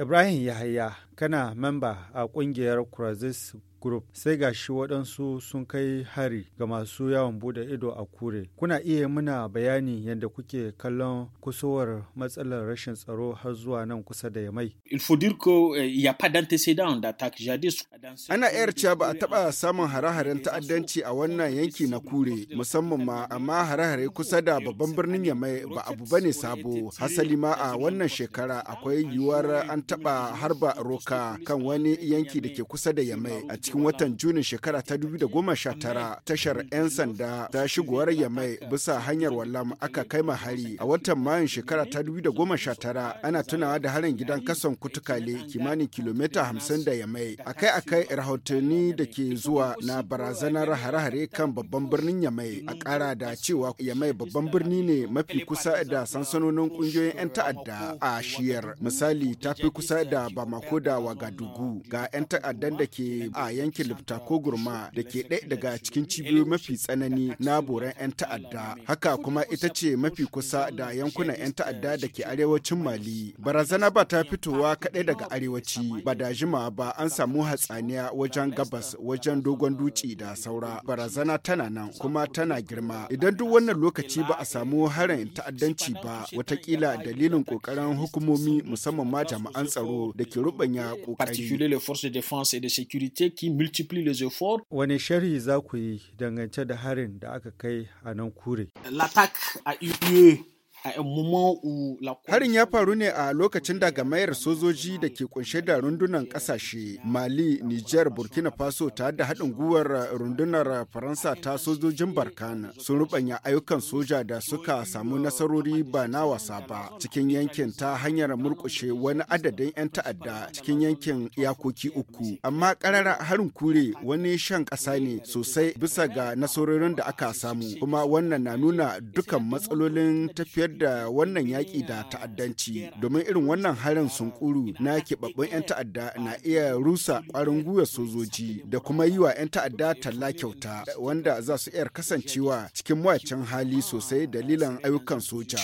Ibrahim Yahaya kana memba a ƙungiyar Croatus group sai ga shi waɗansu sun kai hari ga masu yawon bude ido a kure kuna iya muna bayani yadda kuke kallon kusowar matsalar rashin tsaro har zuwa nan kusa da yamai eh, ana yar cewa ba a taɓa samun hare-haren ta'addanci a wannan yanki na kure musamman ma amma hare-hare kusa da babban birnin yamai ba abu ba ne sabo hasali ma a wannan shekara akwai yiwuwar an taɓa harba roka kan wani yanki da ke kusa da yamai a cikin watan Junin shekara ta 2019 tashar 'yan sanda ta shigowar Yamai bisa hanyar Wallam aka kai ma hari. A watan Mayun shekara ta 2019 ana tunawa da harin gidan kasan kutukale kimanin kilomita hamsin da Yamai. Akai-akai rahotanni da ke zuwa na barazanar hare-hare kan babban birnin Yamai a kara da cewa Yamai babban birni ne mafi kusa da sansanonin ƙungiyoyin 'yan ta'adda a shiyar. Misali ta fi kusa da Bamako da Wagadugu ga 'yan ta'addan da ke a yankin Lifta ko Gurma da ke ɗaya daga cikin cibiyoyi mafi tsanani na boran 'yan ta'adda. Haka kuma ita ce mafi kusa da yankunan 'yan ta'adda da ke arewacin Mali. Barazana ba ta fitowa kaɗai daga arewaci, ba da jima ba an samu hatsaniya wajen gabas, wajen dogon dutse da saura. Barazana tana nan kuma tana girma. Idan duk wannan lokaci ba a samu harin ta'addanci ba, watakila dalilin kokarin hukumomi musamman ma jami'an tsaro da ke rubanya kokari qui les efforts. Wane sharhi za ku yi dangance da harin da aka kai a nan kure? L'attaque a eu Harin ya faru ne a lokacin da gamayar sojoji da ke kunshe da rundunan ƙasashe. Mali, Nijar, Burkina Faso ta da haɗin gwiwar rundunar Faransa ta sojojin Barkan sun rubanya ayyukan soja da suka samu nasarori ba na wasa ba cikin yankin ta hanyar murkushe wani adadin 'yan ta'adda cikin yankin iyakoki uku. Amma karara harin kure wani shan ƙasa ne sosai bisa ga nasarorin da aka samu kuma wannan na nuna dukan matsalolin tafiyar gudanar da wannan yaƙi da ta'addanci domin irin wannan harin sunkuru na keɓaɓɓun 'yan ta'adda na iya rusa ƙwarin gwiwa sojoji da kuma yi wa 'yan ta'adda talla kyauta wanda za su iya kasancewa cikin mawacin hali sosai dalilan ayyukan soja.